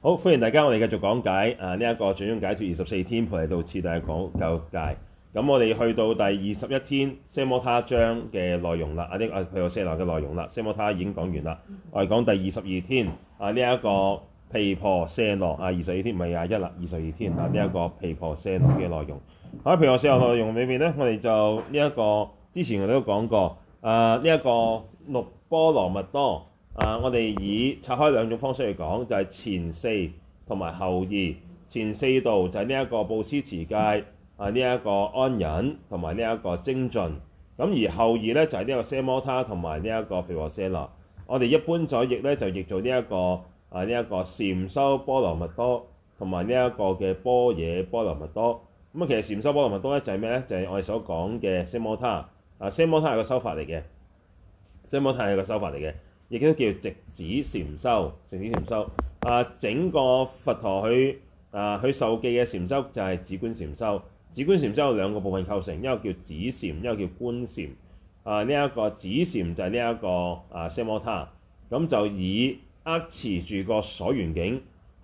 好，歡迎大家我們繼，我哋繼續講解啊！呢、這、一個最終解脱二十四天陪你到次第嘅講教界。咁我哋去到第二十一天 Samatha 章嘅內容啦，啊呢啊 Vipassana 嘅內容啦 Samatha 已經講完啦。我哋講第二十二天啊，呢、這、一個 Vipassana 啊，二十二天唔係廿一啦，二十二天啊，呢、這、一個 Vipassana 嘅內容。喺 Vipassana 內容裏面咧，我哋就呢一、這個之前我哋都講過，啊呢一、這個六波羅蜜多。啊！我哋以拆開兩種方式去講，就係、是、前四同埋後二。前四度就係呢一個布施持戒啊，呢、這、一個安忍同埋呢一個精進。咁而後二咧就係、是、呢個奢摩他同埋呢一個毘缽舍那。我哋一般咗譯咧就譯做呢、這、一個啊，呢、這、一個禪修波羅蜜多同埋呢一個嘅般若波羅蜜多。咁啊，其實禪修波羅蜜多咧就係咩咧？就係、是、我哋所講嘅奢摩他啊，奢摩他係個修法嚟嘅，奢摩他係個修法嚟嘅。亦都叫直指禪修，直指禪修啊，整個佛陀佢啊，佢受記嘅禪修就係止觀禪修。止觀禪修有兩個部分構成，一個叫止禪，一個叫觀禪。啊，呢一個止禪就係呢一個啊奢摩他，咁就以握持住個所緣境，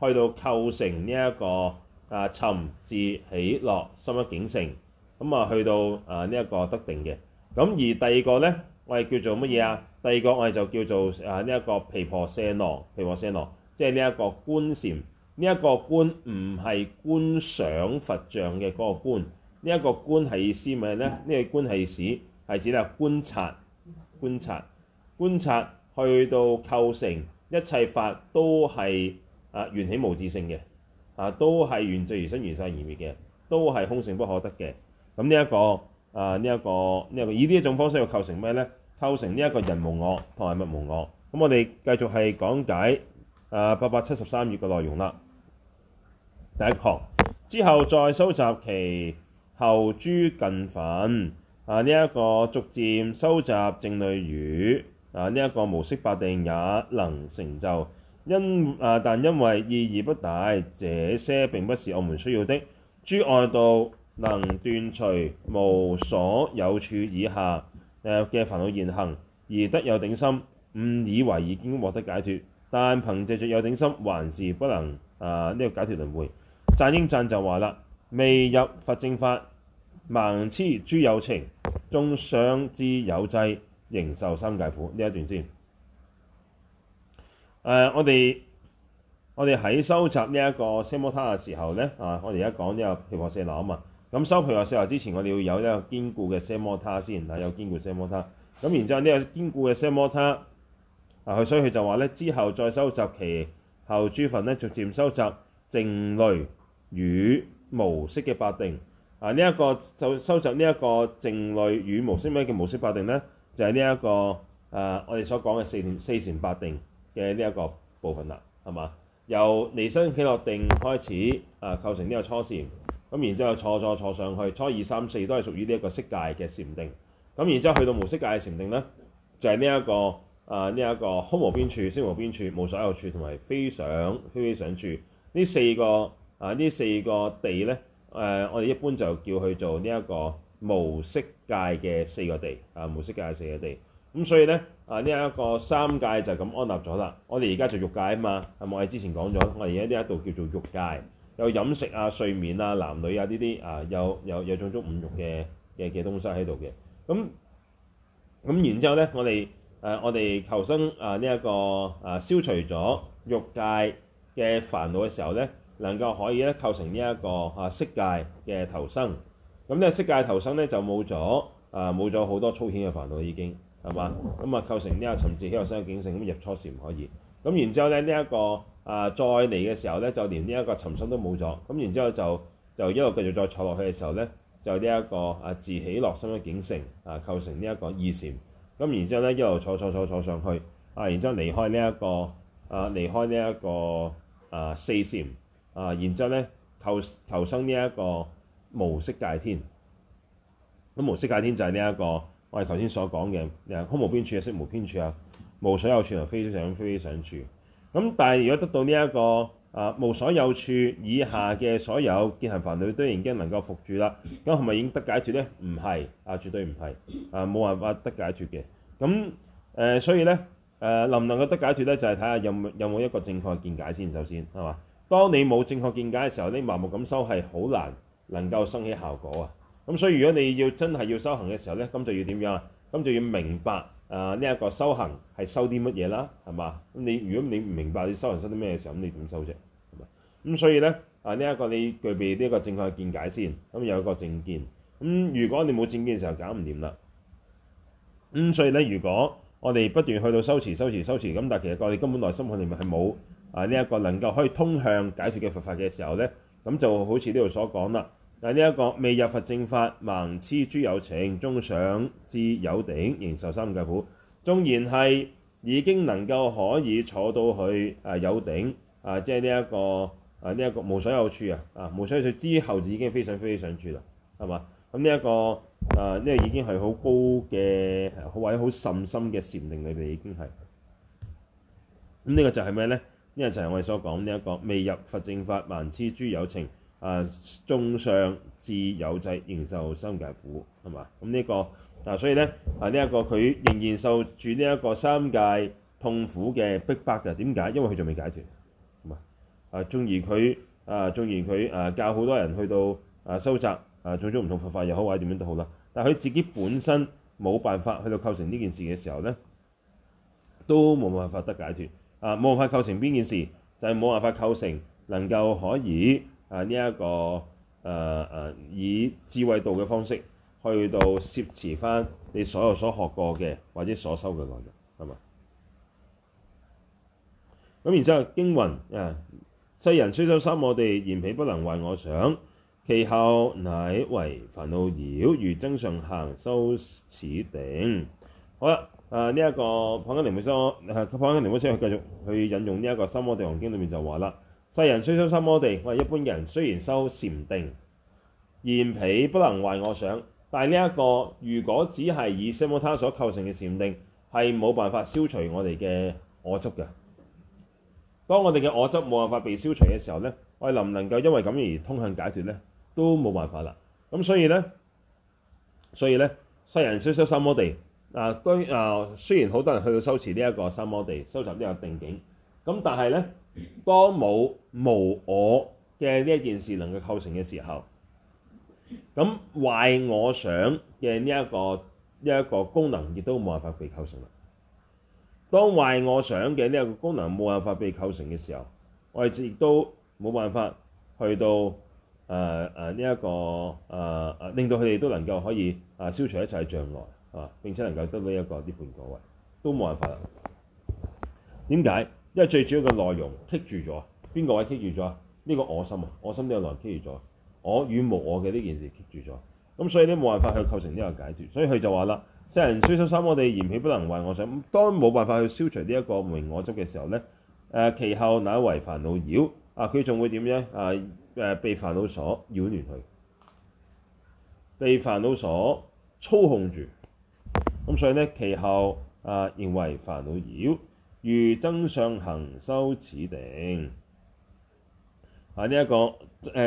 去到構成呢一個啊沉至喜樂，心一境性，咁啊去到啊呢一個得定嘅。咁而第二個咧。我哋叫做乜嘢啊？第二個我哋就叫做啊呢一、這個毘缽舍那，毘缽舍那，即係呢一個觀禪，呢、這、一個觀唔係觀想佛像嘅嗰個觀，呢、這、一個觀係意思咪係咧？呢、這個觀係指係指咧觀察、觀察、觀察，觀察去到構成一切法都係啊緣起無自性嘅，啊都係緣聚而生、緣散而滅嘅，都係空性不可得嘅。咁呢一個。啊呢一、這個呢、這個以呢一種方式去構成咩呢？構成呢一個人無我同埋物無我。咁我哋繼續係講解啊八百七十三頁嘅內容啦。第一行之後再修習其後諸近分啊呢一、這個逐漸修習靜慮與啊呢一、這個無色八定也能成就。因啊但因為意義不大，這些並不是我們需要的。諸外道。能斷除無所有處以下誒嘅煩惱現行，而得有頂心，誤以為已經獲得解脫，但憑藉著有頂心，還是不能啊呢個解脫輪迴。讚應讚就話啦：未入佛正法，盲痴諸有情，縱上至有頂，仍受三界苦。呢一段先誒，我哋我哋喺收集呢一個《奢摩他》嘅時候咧啊，我哋而家講呢個《毘缽舍那》啊嘛。咁修毘缽舍那之前，我哋要有一個堅固嘅奢摩他先。有堅固奢摩他，咁然之後呢個堅固嘅奢摩他，所以佢就話呢，之後再修習其後諸近分呢，逐漸修習靜慮與無色嘅八定。呢、啊、一、這個修修習呢一個靜慮與無色，咩叫無色八定呢，就係呢一個、啊、我哋所講嘅四四禪八定嘅呢一個部分啦，係咪？由離生喜樂定開始，啊，構成呢個初禪。咁然之後坐坐坐上去，初二三四都係屬於呢一個色界嘅禪定。咁然之後去到無色界嘅禪定咧，就係呢一個啊呢一個空無邊處、識無邊處、無所有處同埋非想非非想處呢四個啊呢、呃、四個地咧、呃，我哋一般就叫佢做呢一個無色界嘅四個地啊無色界嘅四個地。咁、呃呃、所以咧啊呢一、呃這個三界就咁安立咗啦。我哋而家做欲界啊嘛，係咪我哋之前講咗，我哋而家呢一度叫做欲界。有飲食啊、睡眠啊、男女啊呢啲啊，有有有種種五欲嘅嘅嘅東西喺度嘅。咁咁然之後咧，我哋誒、啊、我哋求生啊呢一、呢個啊消除咗欲界嘅煩惱嘅時候咧，能夠可以咧構成呢、呢、一個啊色界嘅投生。咁咧色界投生咧就冇咗啊冇咗好多粗淺嘅煩惱已經係嘛。咁啊構成呢個沉寂起嘅心性，咁入初時唔可以。咁然之後咧呢一、呢個。啊！再嚟嘅時候咧，就連呢一個尋伺都冇咗，咁然之後就就一路繼續再坐落去嘅時候咧，就呢、這、一個啊自喜樂心嘅景醒啊，構成呢一個二禪，咁然之後咧一路坐坐坐坐上去啊，然之後離開呢、這、一個啊離開呢、這、一個啊四禪啊，然之後咧投投生呢一個無色界天，咁、啊、無色界天就係呢一個我哋頭先所講嘅，空無邊處啊、色無邊處啊、無所有處同非想非非想處。咁但係如果得到呢、這、一個啊無所有處以下嘅所有現行煩惱都已經能夠伏住啦，咁係咪已經得解脫呢？唔係啊，絕對唔係啊，冇辦法得解脫嘅。咁誒、呃、所以呢，誒、呃、能唔能夠得解脫呢？就係睇下有冇有冇一個正確嘅見解先，首先係嘛？當你冇正確見解嘅時候，你盲目咁修係好難能夠生起效果啊。咁所以如果你要真係要修行嘅時候呢，咁就要點樣啊？咁就要明白。啊！呢一個修行係修啲乜嘢啦？係嘛？咁你如果你唔明白你修行修啲咩嘅時候，咁你點修啫？係嘛？咁所以咧，啊呢一個你具備呢個正確嘅見解先，咁有一個正見。咁如果你冇正見嘅時候，搞唔掂啦。咁所以咧，如果我哋不斷去到修持、修持、修持，咁但係其實我哋根本內心裡面係冇啊呢一個能夠可以通向解脫嘅佛法嘅時候咧，咁就好似呢度所講啦。係呢一個未入佛正法，盲痴諸有情，縱上至有頂，仍受三界苦。縱然係已經能夠可以坐到去誒、啊、有頂，啊，即係呢一個誒呢一個無所有處啊，啊無所有處之後就已經非常非常處啦，係嘛？咁呢一個誒呢、啊這個已經係好高嘅好位好甚深嘅禪定裏邊已經係。咁、啊、呢、這個就係咩咧？呢、這個就係我哋所講呢一個未入佛正法，盲痴諸有情。啊，縱上至有頂，仍受三界苦，係嘛？咁、嗯、呢、這個啊，所以咧啊，呢、這、一個佢仍然受住呢一個三界痛苦嘅逼迫嘅。點解？因為佢仲未解脫，係嘛？啊，縱然佢啊，縱然佢啊，教好多人去到啊修習啊，種種唔同佛法，又好或者點樣都好啦。但係佢自己本身冇辦法去到構成呢件事嘅時候咧，都冇辦法得解脫啊，冇辦法構成邊件事，就係、是、冇辦法構成能夠可以。啊！呢、這、一個誒、呃啊、以智慧度嘅方式去到攝持翻你所有所學過嘅或者所修嘅內容，係嘛？咁然之後經云誒，世人雖修三摩地，然彼不能壞我想，其後乃為煩惱擾，如增上行修此定。好啦，誒、啊、呢、這個、一個方欣靈悟師，誒方欣靈悟師去繼續去引用呢、這、一個《三摩地王經》裏面就話啦。世人雖修三摩地，我哋一般人雖然修禪定，然彼不能壞我想。但係呢一個如果只係以奢摩他所構成嘅禪定，係冇辦法消除我哋嘅我執嘅。當我哋嘅我執冇辦法被消除嘅時候咧，我哋能唔能夠因為咁而通向解脫咧？都冇辦法啦。咁所以咧，所以咧，世人雖修三摩地嗱對啊，啊，雖然好多人去到修持呢一個三摩地，修習呢個定境，咁但係咧。當冇無我嘅呢一件事能夠構成嘅時候，咁壞我想嘅呢一個呢一個功能亦都冇辦法被構成啦。當壞我想嘅呢一個功能冇辦法被構成嘅時候，我哋亦都冇辦法去到誒誒呢一個誒誒、呃、令到佢哋都能夠可以誒消除一切障礙啊，並且能夠得到一個啲半個位，都冇辦法啦。點解？因為最主要嘅內容棘住咗，邊個位棘住咗啊？呢、這個我心啊，我心呢個內容棘住咗，我與無我嘅呢件事棘住咗。咁所以咧，冇辦法去構成呢個解脫，所以佢就話啦：世人雖修三摩地，我哋嫌棄不能壞我想。當冇辦法去消除呢一個名我執嘅時候咧，誒、呃、其後仍為煩惱擾啊！佢仲會點樣啊？誒、啊、被煩惱所擾亂，佢被煩惱所操控住。咁所以咧其後啊，仍為煩惱擾。如增上行修此定啊！呢、這、一個誒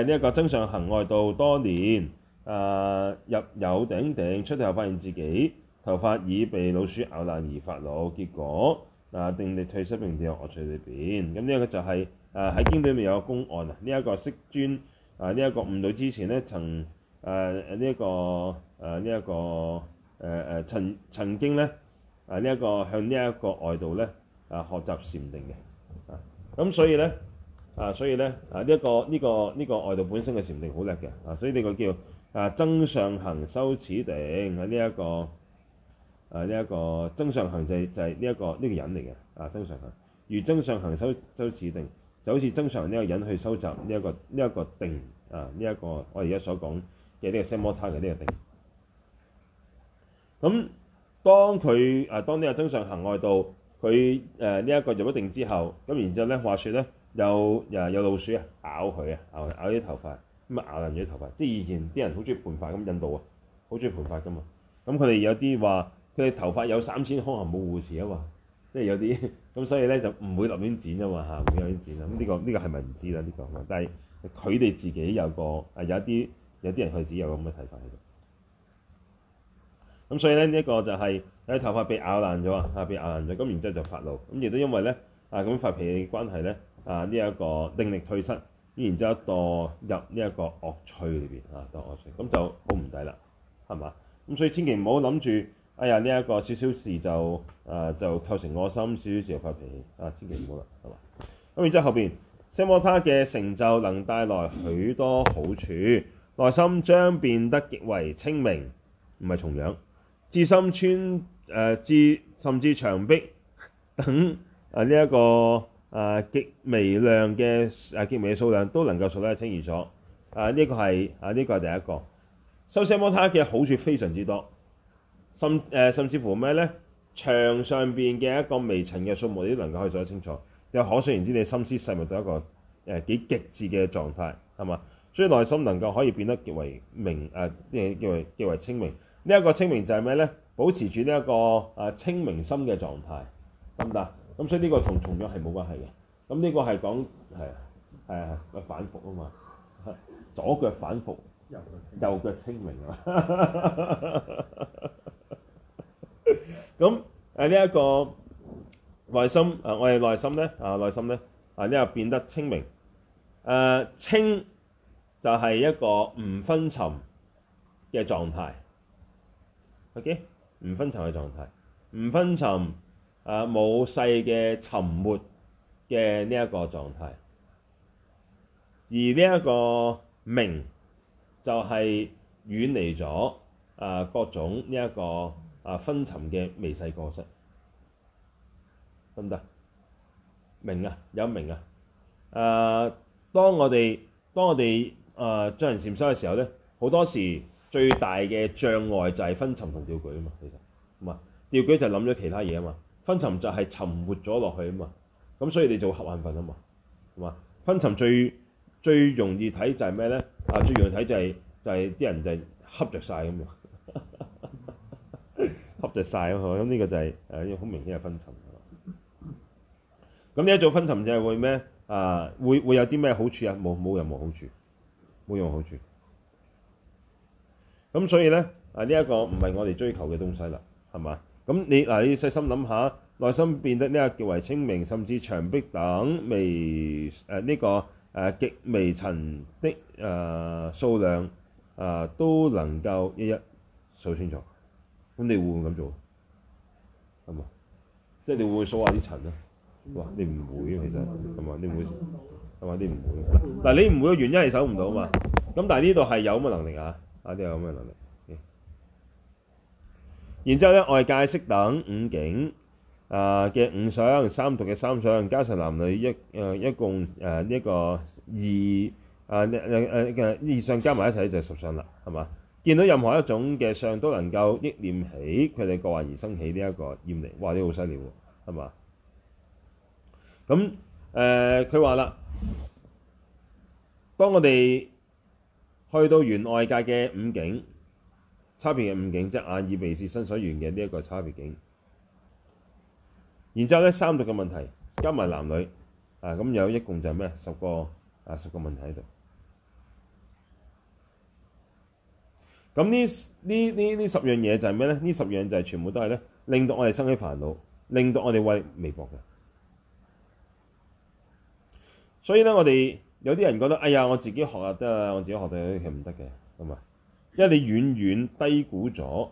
呢一個增上行外道多年、啊、入有頂定，出定後發現自己頭髮已被老鼠咬爛而發怒，結果、啊、定力退失並掉我睡、就是啊、裏邊。咁呢一個就係啊喺經典面有公案、這個、啊！呢、這、一個釋尊啊呢一個悟道之前咧，曾誒呢一個誒呢一曾曾經咧呢一個向呢一個外道咧。啊，學習禪定嘅，啊，咁所以咧，啊，所以咧，啊，呢一個呢個呢個外道本身嘅禪定好叻嘅，啊，所以呢、啊、所以這個叫啊增上行修此定啊呢一個啊呢一個增上行就就係呢一個呢個人嚟嘅，啊增、這個啊這個、上行、就是就是這個這個啊，如增上行修修此定，就好似增上行呢個人去收集呢、這、一個呢一個定啊呢一個我而家所講嘅呢個奢摩他嘅呢個定。咁、啊這個這個啊、當佢啊當呢個增上行外道，佢誒呢一個入咗定之後，咁然之後咧話説咧有誒有老鼠啊咬佢啊咬咬啲頭髮，咁啊咬爛咗頭髮。即係以前啲人好中意盤髮，咁印度啊好中意盤髮㗎嘛。咁佢哋有啲話，佢哋頭髮有三千康啊，冇護士啊嘛，即係有啲咁，所以咧就唔會立亂剪啊嘛嚇，唔會亂剪啊。咁呢、這個呢、這個係咪唔知啦？呢、這個但係佢哋自己有個啊、呃、有啲有啲人佢自己有咁嘅睇法。喺度。咁所以咧呢一、這個就係、是。睇頭髮被咬爛咗啊，吓被咬爛咗，咁然之後就發怒，咁亦都因為咧啊咁發脾氣關係咧啊呢一個定力退失，咁然之後墮入呢一個惡趣裏邊啊墮惡趣，咁就好唔抵啦，係嘛？咁所以千祈唔好諗住哎呀呢一個少少事就啊就構成惡心，少少事就發脾氣啊，千祈唔好啦，係嘛？咁然之後後邊，奢摩 他嘅成就能帶來許多好處，內心將變得極為清明，唔係重樣，智心穿。誒、呃、甚至牆壁等、嗯、啊呢一、這個、啊、極微量嘅誒、啊、極微嘅數量都能夠數得清然咗啊呢，這個係啊呢，這個係第一個奢摩他嘅好處非常之多，甚、啊、甚至乎咩咧牆上邊嘅一個微塵嘅數目你都能夠可以數得清楚。又、嗯、可想而知你心思細密到一個誒、啊、幾極致嘅狀態係嘛？所以內心能夠可以變得極為明、啊、極為清明。呢、這、一個清明就係咩咧？保持住呢一個啊清明心嘅狀態，得唔得？咁所以呢個同重藥係冇關係嘅。咁呢個係講係係啊個反覆啊嘛，左腳反覆，右腳清明啊。咁誒呢一個內心啊，我哋內心咧啊內心咧啊呢、呢個變得清明。誒、啊、清就係一個唔分沉嘅狀態。OK。唔分層嘅狀態，唔分層啊，冇細嘅沉沒嘅呢一個狀態，而呢一個明就係遠離咗啊各種呢、這、一個啊分層嘅微細過失，得唔得？明啊，有明啊，誒、啊，當我哋當我哋誒、啊、進行禪修嘅時候咧，好多時候。最大嘅障礙就係分沉同吊舉啊嘛，其實唔啊，吊舉就諗咗其他嘢啊嘛，分沉就係沉沒咗落去啊嘛，咁所以你做瞌眼瞓啊嘛，係嘛？分沉最最容易睇就係咩咧？啊，最容易睇就係、就係、啲人就係恰着晒咁樣，恰着晒咯，咁呢個就係誒好明顯係分沉。咁你一做分沉就係會咩？啊，會會有啲咩好處啊？冇冇任何好處，冇任何好處。咁所以咧，啊呢一、這個唔係我哋追求嘅東西啦，係嘛？咁你嗱，你細心諗下，內心變得呢個極為清明，甚至牆壁等微誒呢、啊這個誒、啊、極微塵的誒、啊、數量啊，都能夠一一數清楚。咁你會唔會咁做？係嘛，即、就、係、是、你會唔會數下啲塵咧？哇！你唔會啊，其實係嘛，你唔會係嘛，你唔會。嗱，你唔會嘅原因係搜唔到嘛。咁但係呢度係有咁嘅能力啊。啊！啲有咩能力？然之後咧，外界色等五境啊嘅五相，三毒嘅三相，加上男女一誒一共誒一個二啊誒誒嘅二相加埋一齊就十相啦，係嘛？見到任何一種嘅相都能夠憶念起佢哋過患而生起呢一個厭離，哇！啲好犀利喎，係嘛？咁誒，佢話啦，當我哋。去到原外界嘅五境，差別嘅五境，即係眼耳鼻舌身水元嘅呢一個差別境。然之後咧，三毒嘅問題加埋男女啊，咁有一共就係咩啊？十個啊，十個問題喺度。咁呢呢呢呢十樣嘢就係咩咧？呢十樣就係全部都係咧，令到我哋生起煩惱，令到我哋為微薄嘅。所以咧，我哋。有啲人覺得，哎呀，我自己學下得啦，我自己學到嗰啲係唔得嘅，係咪？因為你遠遠低估咗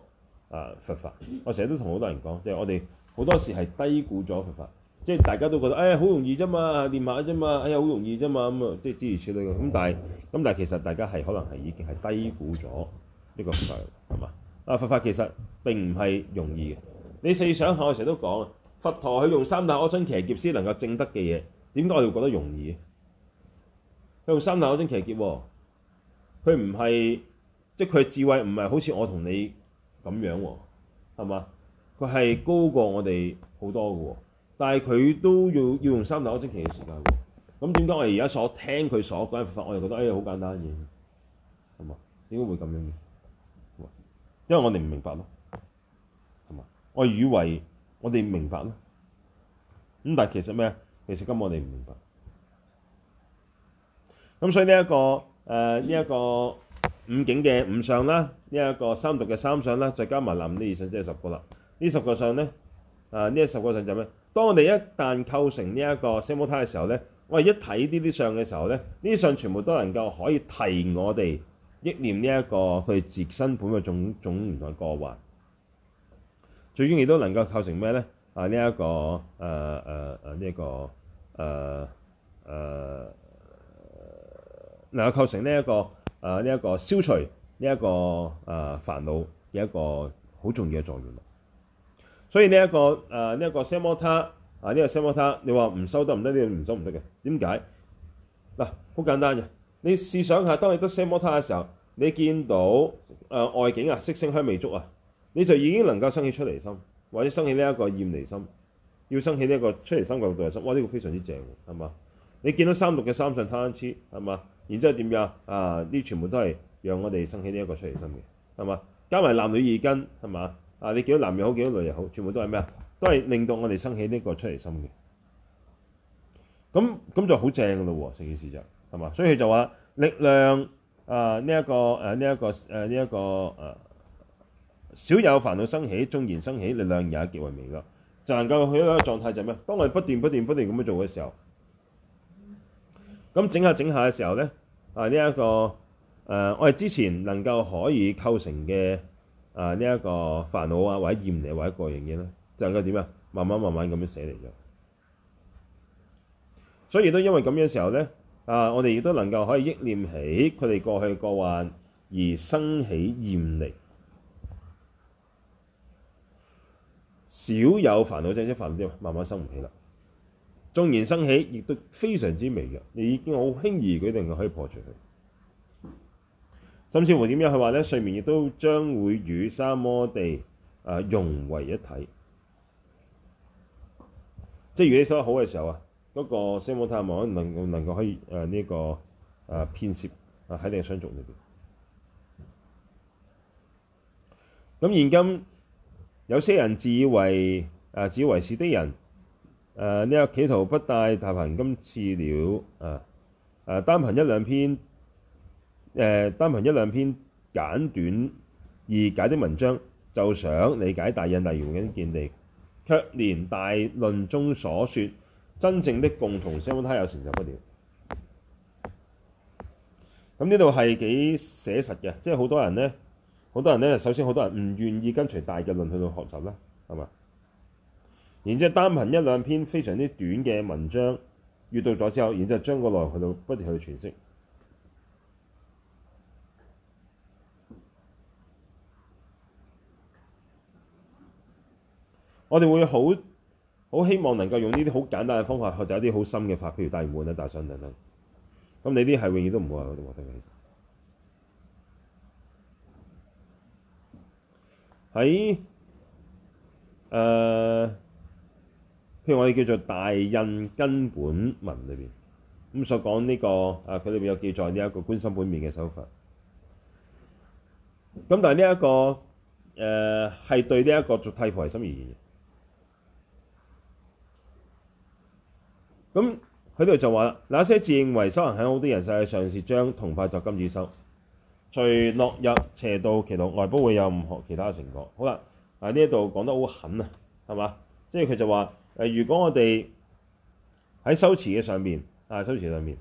啊佛法。我成日都同好多人講，即係我哋好多時係低估咗佛法。即係大家都覺得，哎呀，好容易啫嘛，練下啫嘛，哎呀，好容易啫嘛，咁啊，即係諸如此類嘅。咁但係，咁但係其實大家係可能係已經係低估咗呢個佛法，係嘛？啊佛法其實並唔係容易嘅。你細想下，我成日都講佛陀佢用三大阿僧祇劫能夠證得嘅嘢，點解我哋覺得容易？佢用三大阿僧祇劫喎，佢唔係即係佢智慧唔係好似我同你咁樣喎，係嘛？佢係高過我哋好多嘅喎，但係佢都要要用三大阿僧祇劫嘅時間。咁點解我哋而家所聽佢所講嘅法，我哋覺得誒好、哎、簡單嘢，係嘛？點解會咁樣嘅？因為我哋唔明白咯，係嘛？我以為我哋明白咯，咁但係其實咩啊？其實根本我哋唔明白。咁所以呢、這、一個誒呢一個五境嘅五相啦，呢、這、一個三毒嘅三相啦，再加埋男女啲二相，即係十個啦。呢十個相咧，啊、呃、呢十個相就咩？當我哋一旦構成呢一個奢摩他嘅時候咧，我一睇呢啲相嘅時候咧，呢啲相全部都能夠可以提我哋憶念呢、這、一個佢自身本嘅種種唔同嘅過患。最緊要都能夠構成咩咧？啊呢一、這個誒誒誒呢一個誒誒。呃呃嗱，構成呢一個誒呢、呃、一個消除呢一個誒、呃、煩惱嘅一個好重要嘅作用。所以呢、這、一個誒呢一個奢摩他啊呢、這個奢摩他你話唔修得唔得？你唔修唔得嘅。點解？嗱、啊，好簡單嘅。你試想下，當你得奢摩他嘅時候，你見到誒、呃、外境啊色聲香味觸啊，你就已經能夠生起出離心，或者生起呢一個厭離心，要生起呢一個出離心同度離心。哇！呢、這個非常之正嘅，係嘛？你見到三毒嘅三相，種貪痴，係嘛？然之後點樣啊？啊！呢全部都係讓我哋生起呢一個出離心嘅，係嘛？加埋男女二根，係嘛？啊！你幾多男又好，幾多女又好，全部都係咩啊？都係令到我哋生起呢個出離心嘅。咁咁就好正咯喎，成件事就係嘛？所以佢就話力量啊！呢一個誒呢一個誒呢一個誒少有煩惱生起，縱然生起力量也極為微咯。就能夠去一個狀態，就係咩？當我哋不斷不斷不斷咁樣做嘅時候。咁整下整下嘅時候咧，啊呢一、這個、呃、我哋之前能夠可以構成嘅啊呢一、這個煩惱啊，或者厭離或者過癮嘅咧，就係點啊，慢慢慢慢咁樣寫嚟咗。所以都因為咁嘅時候咧，啊我哋亦都能夠可以憶念起佢哋過去過患，而生起厭離，少有煩惱啫，即係煩惱慢慢生唔起啦。縱然生起，亦都非常之微弱。你已經好輕易佢哋可以破除佢。甚至乎點樣去話呢？睡眠亦都將會與三摩地、啊、融為一體。即係如果你修得好嘅時候啊，嗰、那個奢摩他望能能夠可以誒呢、啊這個誒遍攝喺你定相續裏邊。咁現今有些人自以為、啊、自以為是的人。誒，你有、呃，這個、企圖不帶大憑今次了啊？誒，、呃呃，單憑一兩篇誒、呃，單憑一兩篇簡短易解的文章，就想理解大印、大圓嘅見地，卻連大論中所說真正的共同奢摩他也有成就不了。咁呢度係幾寫實嘅，即係好多人咧，好多人咧，首先好多人唔願意跟隨大嘅論去到學習啦，係咪？然之後單憑一兩篇非常之短嘅文章，閲讀咗之後，然之後將個內容去到不停去詮釋。我哋會好好希望能夠用呢啲好簡單嘅方法學到一啲好深嘅法，譬如大印啊、大圓滿等等。咁你啲係永遠都唔會啊！我覺得其實譬如我哋叫做大印根本文裏邊咁所講呢個啊，佢裏邊有記載呢一個觀心本面嘅手法。咁但係呢一個誒係、呃、對呢一個做替補心而言，咁佢呢度就話啦，那些自認為修行很好啲人，實際上是將銅塊作金子修，除落入邪道歧路，外不會有唔學其他嘅成果。好啦，啊呢一度講得好狠啊，係嘛？即係佢就話。如果我哋喺修持嘅上面，啊、修持上面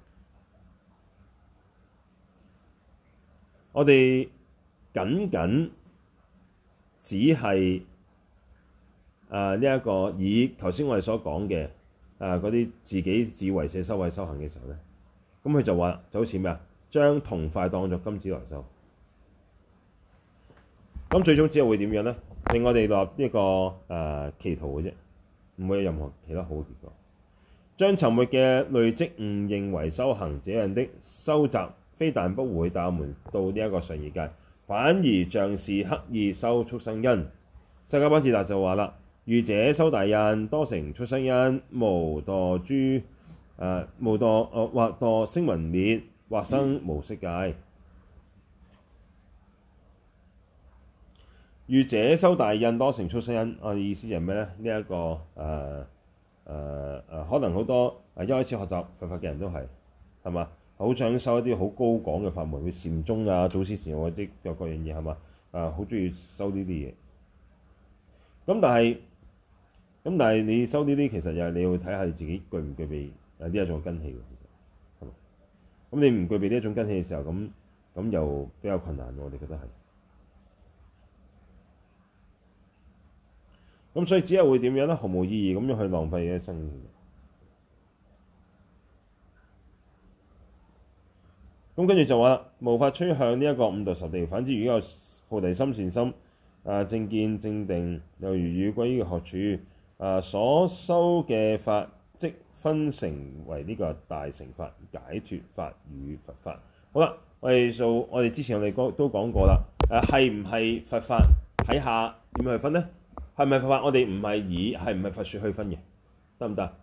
我哋僅僅只係誒呢一個以頭先我哋所講嘅嗰啲自己自為捨修位修行嘅時候咧，佢就話就好似咩將銅塊當作金子來修，最終只會點樣呢？令我哋落呢個、呃、歧途嘅啫。唔會有任何其他好嘅結果。將沉沒嘅累積誤認為修行這樣的修習，非但不會帶我們到呢一個上二界，反而像是刻意修畜生因。薩迦班智達就話啦：愚者修大印，多成畜生因，無墮諸誒、呃、無墮誒、呃、或墮聲聞滅，或生無色界。愚者修大印，多成畜生因，我、啊、意思就係咩咧？呢、這、一個誒誒誒，可能好多一開始學習佛法嘅人都係係嘛，好想修一啲好高廣嘅法門，去禪宗啊、祖師禪嗰啲各各樣嘢係嘛，啊，好中意修呢啲嘢。咁但係，咁但係你修呢啲，其實又係你要睇下你自己具唔具備有啲一種根氣喎，其實，係嘛？咁你唔具備呢一種根氣嘅時候，咁咁又比較困難，我哋覺得係。咁所以只係會點樣咧？毫無意義咁樣去浪費嘅生命。咁跟住就話啦，無法趨向呢一個五道十地。反之，如果有菩提心、善心、啊、呃、正見、正定，又如與歸於學處，啊、呃、所修嘅法，即分成為呢個大乘法、解脫法與佛法。好啦，我哋做，我哋之前我哋都講過啦。誒係唔係佛法？睇下點樣去分呢？係咪佛法？我哋唔係以係唔係佛説去分嘅，得唔得？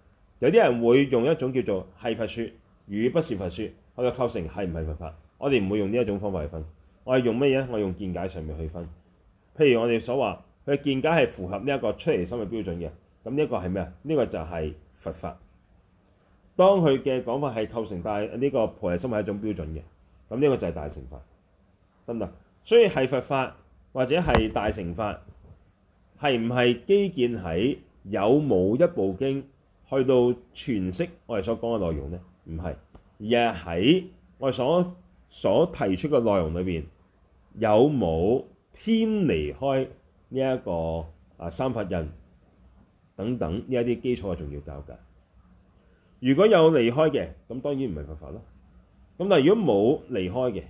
有啲人會用一種叫做係佛説與不是佛説，我就構成係唔係佛法。我哋唔會用呢一種方法去分。我係用乜嘢？我用見解上面去分。譬如我哋所話，佢見解係符合呢一個出離心嘅標準嘅，咁呢一個係咩啊？呢個就係佛法。當佢嘅講法係構成大呢個菩提心係一種標準嘅，咁呢個就係大乘法，得唔得？所以係佛法或者係大乘法。係唔係基建喺有冇一部經去到詮釋我哋所講嘅內容咧？唔係，而係喺我哋所所提出嘅內容裏邊有冇偏離開呢一個啊三法印等等呢一啲基礎嘅重要教噶。如果有離開嘅，咁當然唔係佛法咯。咁但係如果冇離開嘅，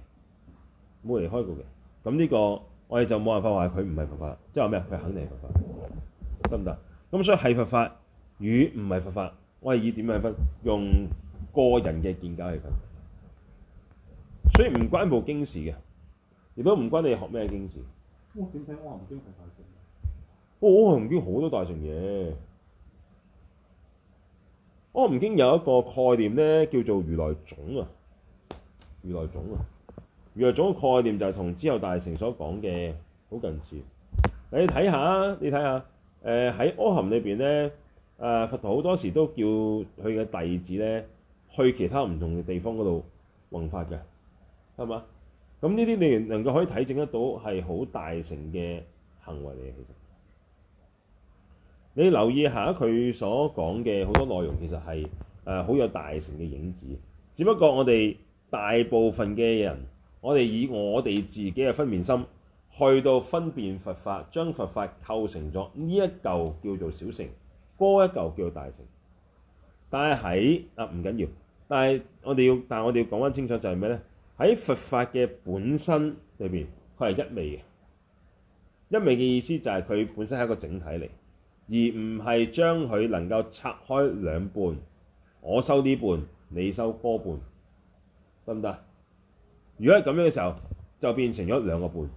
冇離開過嘅，咁呢個。我哋就冇辦法話佢唔係佛法，即係話咩？佢肯定係佛法，得唔得？咁所以係佛法與唔係佛法，我係以點樣去分？用個人嘅見解去分，所以唔關部經事嘅，亦都唔關你學咩經事。哇！點解我唔經大乘，哦？我我唔經好多大乘嘢。我唔經有一個概念咧，叫做如來種啊，如來種啊。約咗個概念就係同之後大乘所講嘅好近似。你睇下你睇下誒喺《呃、阿含》裏面咧，誒、呃、佛陀好多時都叫佢嘅弟子咧去其他唔同嘅地方嗰度弘法㗎，係嘛？咁呢啲你能夠可以體證得到係好大乘嘅行為嚟嘅。其實你留意下佢所講嘅好多內容，其實係誒好有大乘嘅影子。只不過我哋大部分嘅人。我哋以我哋自己嘅分辨心去到分辨佛法，將佛法構成咗呢一嚿叫做「小乘」，嗰一嚿叫做「大乘」。但、啊、係喺啊唔緊要，但係我哋要，但係我哋要講翻清楚就係咩咧？喺佛法嘅本身裏面，佢係一味嘅。一味嘅意思就係佢本身係一個整體嚟，而唔係將佢能夠拆開兩半，我收呢半，你收嗰半，得唔得？如果係咁樣嘅時候，就變成咗兩個半。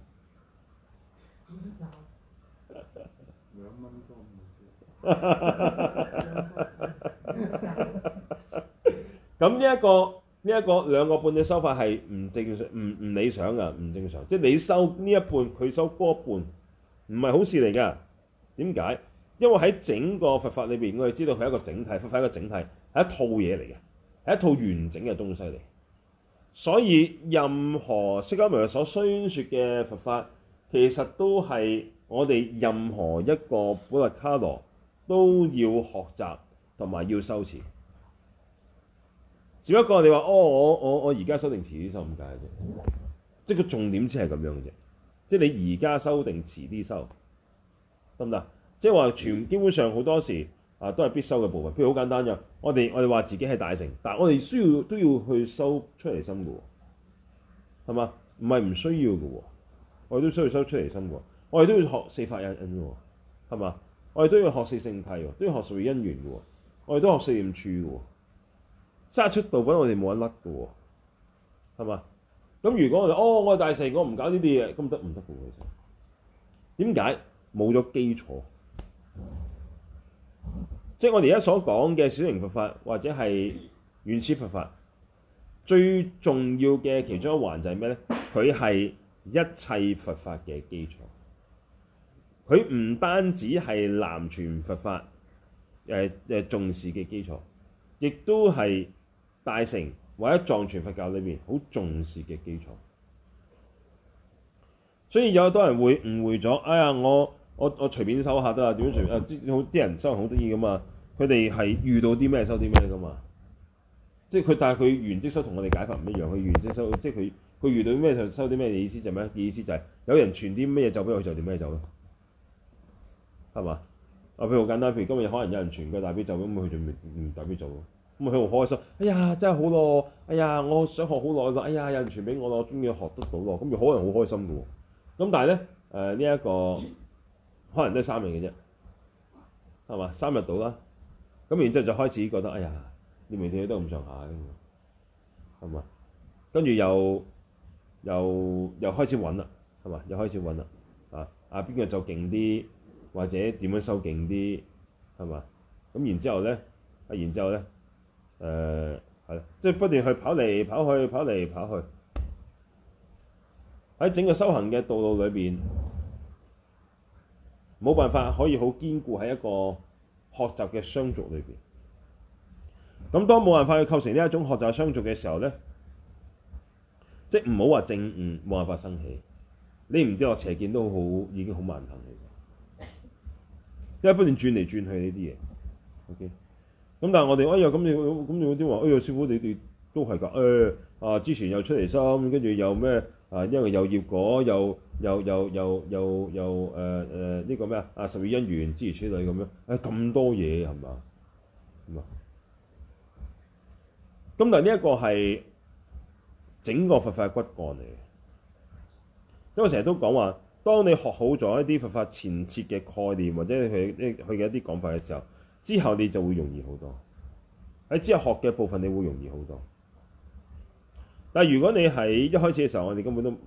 兩，咁呢一個呢一個兩個半嘅修法係唔正常、唔唔理想噶，唔正常。即係你收呢一半，佢收多半，唔係好事嚟噶。點解？因為喺整個佛法裏邊，我哋知道佢係一個整體，佛法一個整體係一套嘢嚟嘅，係一套完整嘅東西嚟。所以任何釋迦牟尼所宣説嘅佛法，其實都係我哋任何一個補特伽羅都要學習同埋要修持。只不過你話哦，我我我而家修定遲啲修唔介嘅啫，即係個重點先係咁樣嘅啫。即係你而家修定遲啲修得唔得？即係話全基本上好多時。啊，都係必修嘅部分。譬如好簡單嘅，我哋我哋話自己係大乘，但係我哋需要都要去修出離心嘅，係嘛？唔係唔需要嘅，我哋都需要修出離心嘅，我哋都要學四法一印嘅，係嘛？我哋都要學四聖諦，都要學十二因緣嘅，我哋都學四念處嘅，三十七道品我哋冇得甩嘅，係嘛？咁如果我哋哦我係大乘，我唔搞呢啲嘢，咁得唔得嘅？其實點解冇咗基礎？即係我哋而家所講嘅小乘佛法或者係原始佛法，最重要嘅其中一環就係咩咧？佢係一切佛法嘅基礎。佢唔單止係南傳佛法誒誒重視嘅基礎，亦都係大乘或者藏傳佛教裏面好重視嘅基礎。所以有好多人會誤會咗，哎呀我。我我隨便搜下得啊？點樣隨？誒，啲好啲人收人好得意㗎嘛？佢哋係遇到啲咩收啲咩㗎嘛？即係佢，但係佢原職收同我哋解法唔一樣。佢原職收，即係佢佢遇到咩就收啲咩意思就咩？意思就係有人傳啲咩嘢就俾佢，就點咩走？咯，係嘛？啊，譬如好簡單，譬如今日可能有人傳個大悲咒，咁佢就唔咪大悲咒，咁佢好開心。哎呀，真係好咯！哎呀，我想學好耐㗎。哎呀，有人傳俾我咯，我終於學得到咯。咁又可能好開心㗎喎。咁但係咧誒呢一、呃呢個。可能都係三日嘅啫，係嘛？三日到啦，咁然之後就開始覺得，哎呀，連連跌都唔上下嘅，係嘛？跟住又又又開始穩啦，係嘛？又開始穩啦，啊啊邊個就勁啲，或者點樣收勁啲，係嘛？咁然之後咧，啊然之後咧，誒、呃、係，即係、就是、不斷去跑嚟跑去，跑嚟跑去，喺整個修行嘅道路裏邊。冇辦法可以好堅固喺一個學習嘅相軸裏邊。咁當冇辦法去構成呢一種學習相軸嘅時候咧，即係唔好話正誤冇辦法生起。你唔知我邪見都好，已經好慢行嘅，因為不斷轉嚟轉去呢啲嘢。OK，咁但係我哋哎呀，咁你咁你啲話，哎呀、哎、師傅你哋都係㗎誒，啊之前又出嚟心，跟住又咩？啊，因為有業果，有有有有有有誒誒呢個咩啊啊十二因緣、諸如此類咁樣，誒、哎、咁多嘢係嘛？咁啊，咁但係呢一個係整個佛法的骨幹嚟嘅。因為成日都講話，當你學好咗一啲佛法前設嘅概念，或者佢啲佢嘅一啲講法嘅時候，之後你就會容易好多。喺之後學嘅部分，你會容易好多。但係如果你喺一開始嘅時候，我哋根本都唔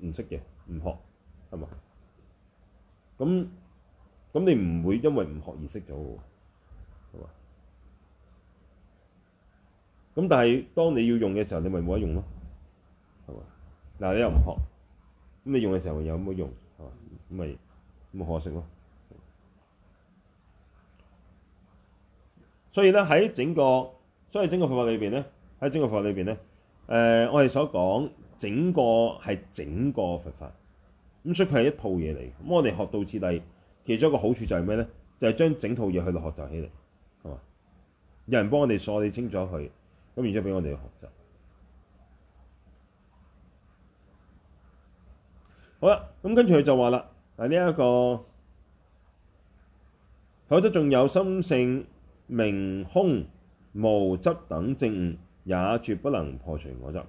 唔識嘅，唔學係嘛？咁咁你唔會因為唔學而識咗嘅喎，係嘛？咁但係當你要用嘅時候，你咪冇得用咯，係嘛？嗱，你又唔學，咁你用嘅時候有冇用係嘛？咁咪咁咪可惜咯。所以咧喺整個所以整個佛法裏邊咧，喺整個佛法裏邊咧。誒、呃，我哋所講整個係整個佛法，咁所以佢係一套嘢嚟。咁我哋學到次第，其中一個好處就係咩咧？就係、是、將整套嘢去學習起嚟，嘛？有人幫我哋梳理清楚佢，咁然之後俾我哋去學習。好啦，咁跟住佢就話啦，係呢一個，否則仲有心性、明空、無執等證悟。也絕不能破除我執。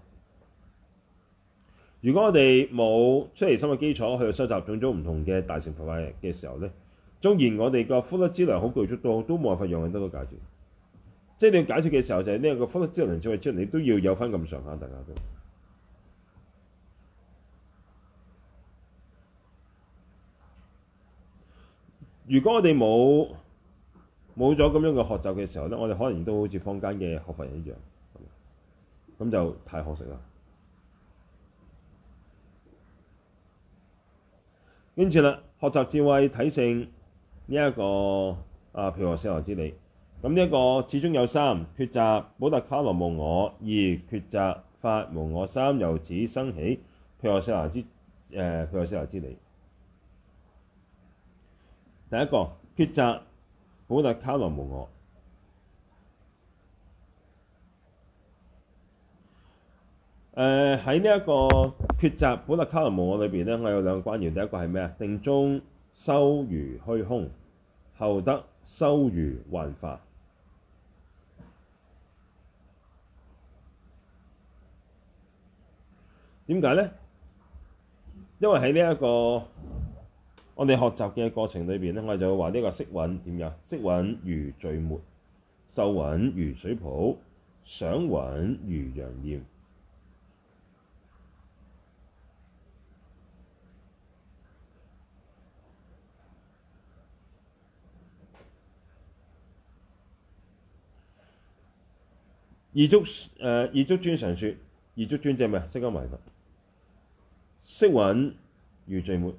如果我哋冇出離心嘅基礎去收集種種唔同嘅大乘佛法嘅時候咧，縱然我哋、就是、個福德資糧好具足到，都冇辦法養起得個解脫。即係你要解脫嘅時候，就係呢個福德資糧出嚟出嚟，你都要有翻咁上下。大家都如果我哋冇冇咗咁樣嘅學習嘅時候咧，我哋可能都好似坊間嘅學佛人一樣。咁就太可惜啦。跟住啦，學習智慧體性呢一個啊，毘缽舍那之理。咁呢一個始終有三抉擇，補特伽羅無我，二抉擇法無我，三由此生起毘缽舍那之誒、呃、毘缽舍那之理。第一個抉擇補特伽羅無我。誒喺呢一個抉擇補特伽羅無我裏面，我有兩個關聯。第一個係咩？定中修如虛空，後得修如幻化。點解呢？因為喺呢一個我哋學習嘅過程裏面，我哋就會話呢個色蘊點樣？色蘊如聚沫，受蘊如水泡，想蘊如陽焰。二足誒二足尊常説，二足尊即係咩啊？色陰迷法，色蘊如聚沫。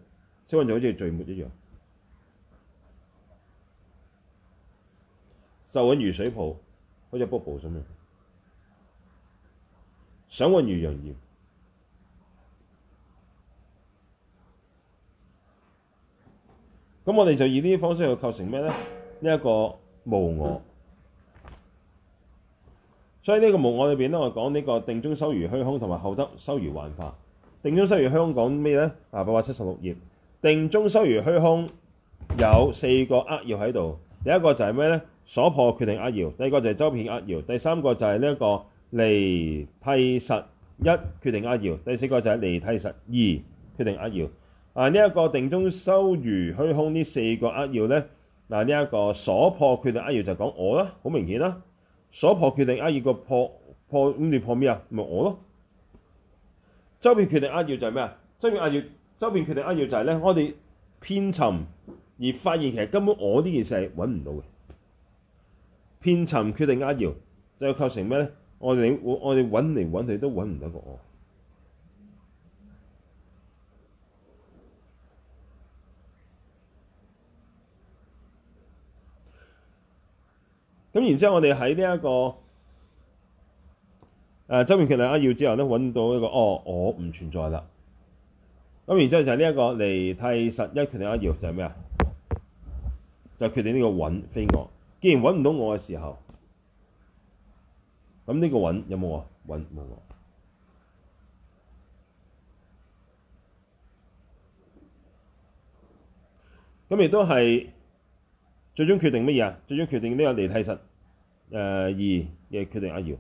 色蘊就好似聚沫一樣，受蘊如水泡，好似瀑布咁樣，想蘊如陽焰。咁我哋就以呢啲方式去構成咩呢？呢一個無我。所以這個呢個無我裏邊咧，我講呢個定中修如虛空，同埋後得修如幻化。定中修如虛空講咩咧？啊，八百七十六頁。定中修如虛空有四個扼要喺度。第一個就係咩咧？所破決定扼要。第二個就係周遍扼要。第三個就係呢一個離諦實一決定扼要。第四個就係離諦實二決定扼要。啊，呢、這、一個定中修如虛空呢四個扼要咧，嗱呢一個所破決定扼要就講我啦，好明顯啦。所破決定扼要個破破，咁你破咩啊？咪、就是、我咯。周遍決定扼要就係咩啊？周遍扼要，周遍決定扼要就係咧，我哋遍尋而發現其實根本我呢件事係揾唔到嘅。遍尋決定扼要就要構成咩咧？我哋我我哋揾嚟揾去都揾唔到個我。咁然之後我們在、這個，我哋喺呢一個周遍決定扼要之後呢，揾到一個哦，我唔存在啦。咁然之後就係呢一個離諦實，一決定扼要就係咩啊？就決定呢個揾非我。既然揾唔到我嘅時候，咁呢個揾有冇啊？揾冇啊？咁亦都係最終決定乜嘢啊？最終決定呢個離諦實。誒、呃、二，你決定阿爺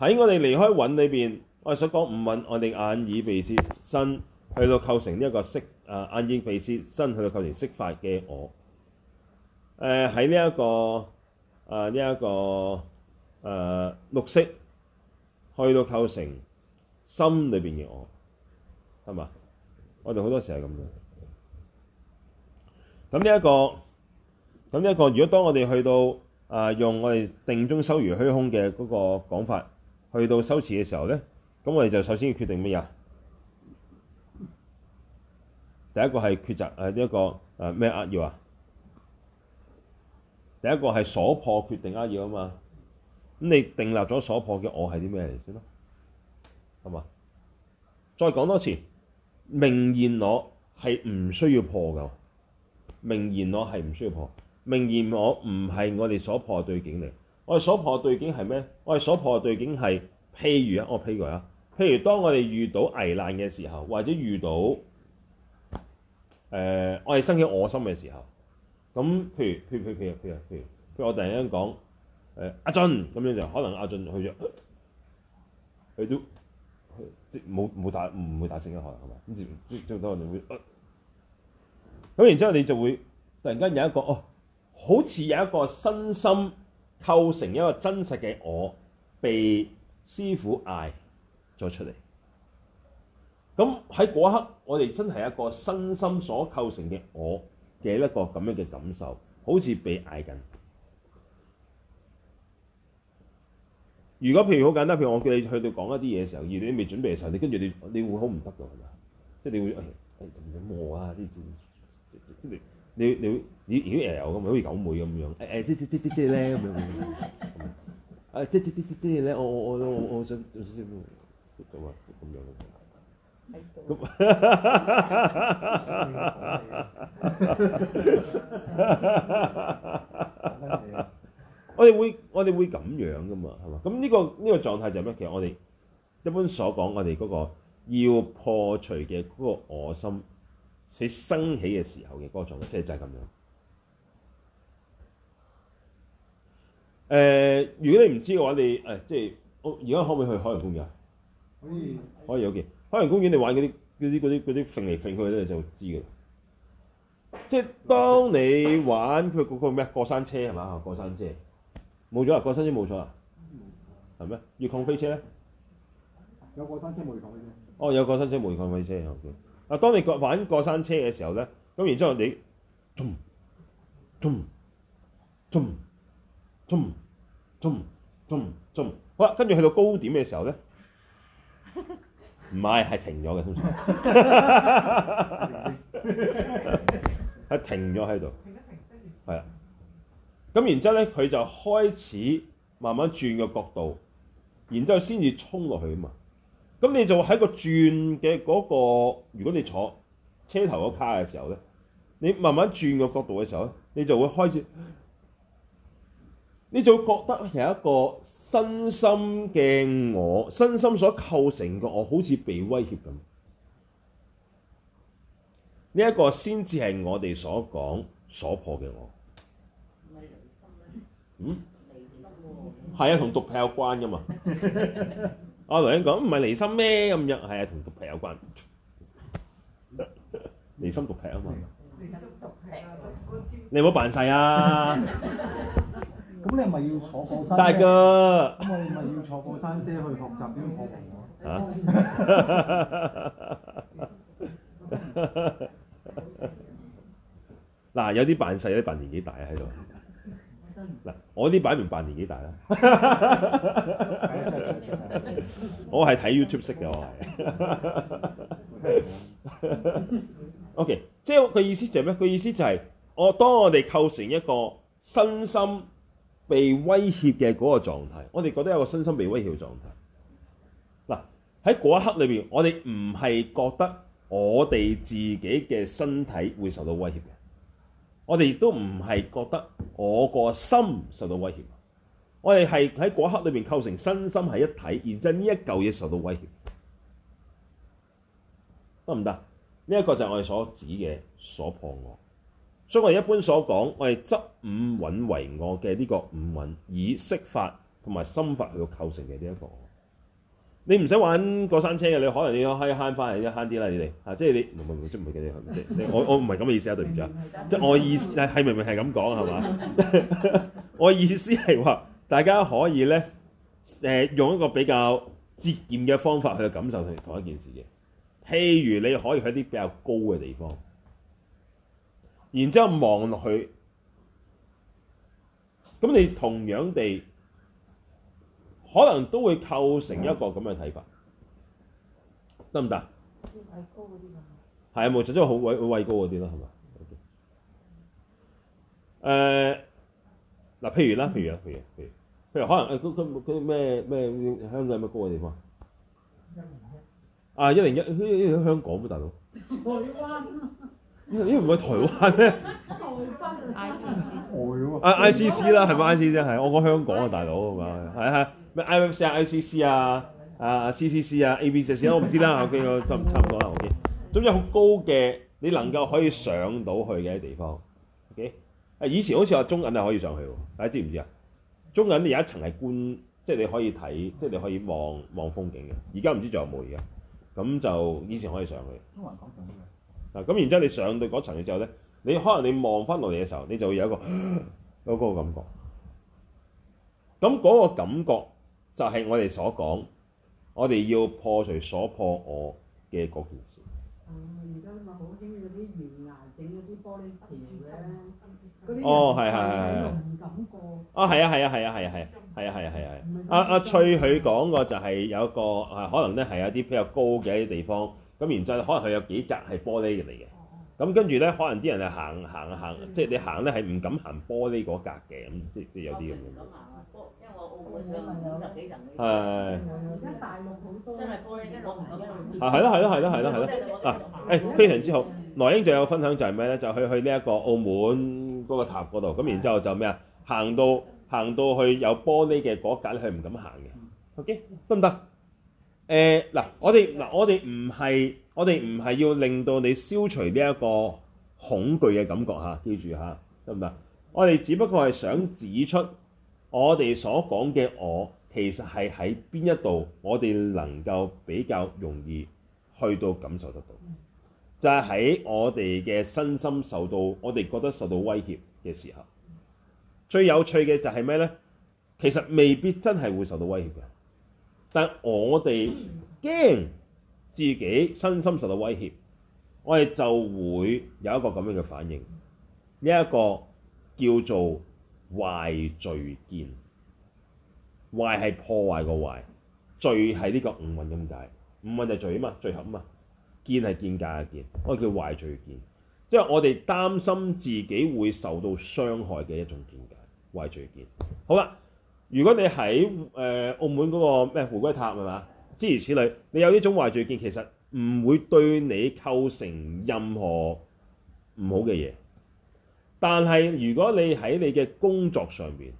喺我哋離開蘊裏邊，我哋想講五蘊，我哋眼耳鼻舌身去到構成一個色，誒、呃、眼耳鼻舌身去到構成色法嘅我。誒喺呢一個，誒呢一個，誒六識去到構成心裏邊嘅我，係嘛？我哋好多時係咁嘅。咁呢一個，咁呢一個，如果當我哋去到啊用我哋定中修如虛空嘅嗰個講法，去到修持嘅時候咧，咁我哋就首先要決定咩嘢？第一個係抉擇，係呢一個啊咩扼要啊？第一個係所破決定扼要啊嘛。咁你定立咗所破嘅我係啲咩嚟先咯？係嘛？再講多次。明言我係唔需要破㗎，明言我係唔需要破，明言我唔係我哋所破嘅對境嚟。我哋所破嘅對境係咩？我哋所破嘅對境係譬如啊，我譬如啊，譬如當我哋遇到危難嘅時候，或者遇到誒、呃、我哋生起我心嘅時候，咁譬如譬如譬如譬如譬如譬如我突然間講誒，阿俊，咁樣就可能阿俊去咗，佢都。即冇冇大，唔會大聲一學係嘛？跟住即做到我咁，然之後你就會突然間有一個哦，好似有一個身心構成一個真實嘅我，被師傅嗌咗出嚟。咁喺嗰一刻，我哋真係一個身心所構成嘅我嘅一個咁樣嘅感受，好似被嗌緊。如果譬如好簡單，譬如我叫你去到講一啲嘢嘅時候，而你未準備嘅時候，你跟住你你會好唔得㗎係嘛？即係你會誒誒點樣磨啊啲字，即係你你你如果又有咁，好似九妹咁樣誒誒即即即即即咧咁樣，誒即即即即即咧，我我我我我想咁啊咁樣咁。就是我哋會我哋會咁樣噶嘛，係嘛？咁呢個呢個狀態就係咩？其實我哋一般所講，我哋嗰個要破除嘅嗰個我心，佢升起嘅時候嘅嗰個狀態，即係就係咁樣。誒，如果你唔知嘅話，你誒即係，而家可唔可以去海洋公園啊？可以，可以，okay，海洋公園你玩嗰啲嗰啲嗰啲嗰啲揈嚟揈去咧就知㗎。即係當你玩佢嗰個咩過山車係嘛？過山車。冇咗啦，過山車冇咗啦，係咩了？越礦飛車咧？有過山車冇越礦飛車。哦，有過山車冇越礦飛車嘅時候。當你過玩過山車嘅時候咧，咁然之後你，咚，咚，咚，咚，咚，咚，咚，好啦，跟住去到高點嘅時候咧，唔係係停咗嘅，通常係停咗喺度。停一停，係啊。咁然之後咧，佢就開始慢慢轉個角度，然之後先至衝落去啊嘛。咁你就喺個轉嘅嗰個，如果你坐車頭嗰卡嘅時候咧，你慢慢轉個角度嘅時候咧，你就會開始，你就會覺得有一個身心嘅我，身心所構成嘅我，好似被威脅咁。呢一個先至係我哋所講所破嘅我。嗯，係啊，同毒皮有關噶嘛。阿羅英講唔係離心咩咁樣，係啊，同毒皮有關。離心毒皮啊嘛。離心毒皮。你有冇扮細啊？咁你係咪要坐過山車？大哥。係咪要坐過山車去學習點樣啊？嗱，有啲扮細，有啲扮年紀大喺度。嗱，我呢擺明扮年紀大啦， 我係睇 YouTube 識嘅 我係 ，OK，即係佢意思就係咩？佢意思就係、是、我當我哋構成一個身心被威脅嘅嗰個狀態，我哋覺得有個身心被威脅嘅狀態。嗱，喺嗰一刻裏邊，我哋唔係覺得我哋自己嘅身體會受到威脅嘅。我哋亦都唔係覺得我個心受到威脅，我哋係喺嗰刻裏面構成身心係一體，然之後呢一嚿嘢受到威脅，得唔得？呢一個就係我哋所指嘅所破我，所以我哋一般所講，我哋執五蘊為我嘅呢個五蘊，以色法同埋心法去構成嘅呢一個。你唔使玩過山車嘅，你可能你要慳慳翻，而家慳啲啦，你哋嚇，即係你唔唔明，即係唔你我我唔係咁嘅意思啊，對唔住，即係我意思係明明係咁講係嘛？我意思係話大家可以咧，用一個比較節儉嘅方法去感受同同一件事嘅，譬如你可以去啲比較高嘅地方，然之後望落去，咁你同樣地。可能都會構成一個咁嘅睇法，得唔得？高啲嘛？係啊，冇？就真係好畏畏高嗰啲啦，係咪？誒 回 azu，嗱，okay. 呃、譬如啦，譬如啊，譬如譬如，譬如可能誒，嗰啲咩咩香港有咩高嘅地方？啊！一零一香港咩，大佬？咦，唔係台灣咩？我我台灣 ICC 啊，ICC 啦，係咪 ICC 先係？我講、啊、香港啊，大佬啊嘛，係係咩 IFC 啊，ICC 啊，啊 CCC 啊 ABC 啊，我唔知啦。OK，差唔多啦。OK，總之好高嘅，你能夠可以上到去嘅地方。OK，誒以前好似話中銀係可以上去喎，大家知唔知啊？中銀有一層係觀，即、就、係、是、你可以睇，即、就、係、是、你可以望望風景嘅。而家唔知仲有冇而家。咁就以前可以上去。中文講仲嗱，咁然之後你上到嗰層嘅時候咧，你可能你望翻落嚟嘅時候，你就會有一個高嘅感覺。咁嗰個感覺就係我哋所講，我哋要破除所破我嘅嗰件事。哦，而家咪好興嗰啲懸崖，整嗰啲玻璃梯嘅。哦，係係係係係。啊，係啊係啊係啊係啊係啊係啊係啊係啊！阿阿翠佢講過就係有一個啊，可能咧係有啲比較高嘅一啲地方。咁然之後可能佢有幾格係玻璃嘅嚟嘅，咁跟住咧，可能啲人係行行行，即係你行咧係唔敢行玻璃嗰格嘅，咁即即係有啲咁。係。而家大陸好多真係玻璃，我唔記得啦。啊，係咯係咯係咯係咯係咯。嗱，誒非常之好，內英就有分享就係咩咧？就去去呢一個澳門嗰個塔嗰度，咁然之後就咩啊？行到行到去有玻璃嘅嗰格，佢唔敢行嘅。OK，得唔得？嗱、呃，我哋嗱，我哋唔係，我哋唔係要令到你消除呢一個恐懼嘅感覺嚇，記住嚇，得唔得？我哋只不過係想指出，我哋所講嘅我，其實係喺邊一度，我哋能夠比較容易去到感受得到，就係喺我哋嘅身心受到，我哋覺得受到威脅嘅時候，最有趣嘅就係咩呢？其實未必真係會受到威脅嘅。但我哋驚自己身心受到威脅，我哋就會有一個咁樣嘅反應，呢一個叫做壞聚見。壞係破壞個壞，聚係呢個五蘊咁解，五蘊就聚啊嘛，聚合啊嘛，見係見解嘅見，我哋叫壞聚見，即係我哋擔心自己會受到傷害嘅一種見解，壞聚見。好啦。如果你喺澳門嗰個咩迴歸塔係嘛？之如此類，你有呢種壞罪見，其實唔會對你構成任何唔好嘅嘢。但係如果你喺你嘅工作上面、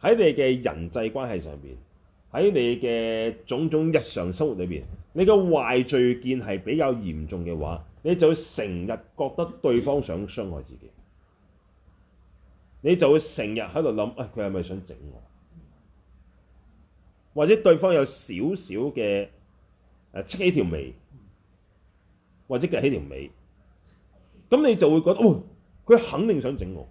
喺你嘅人際關係上面、喺你嘅種種日常生活裏面，你嘅壞罪見係比較嚴重嘅話，你就會成日覺得對方想傷害自己，你就會成日喺度諗啊佢係咪想整、哎、我？或者對方有少少嘅誒，戚、啊、起條眉，或者趌起一條尾，咁你就會覺得，哦，佢肯定想整我。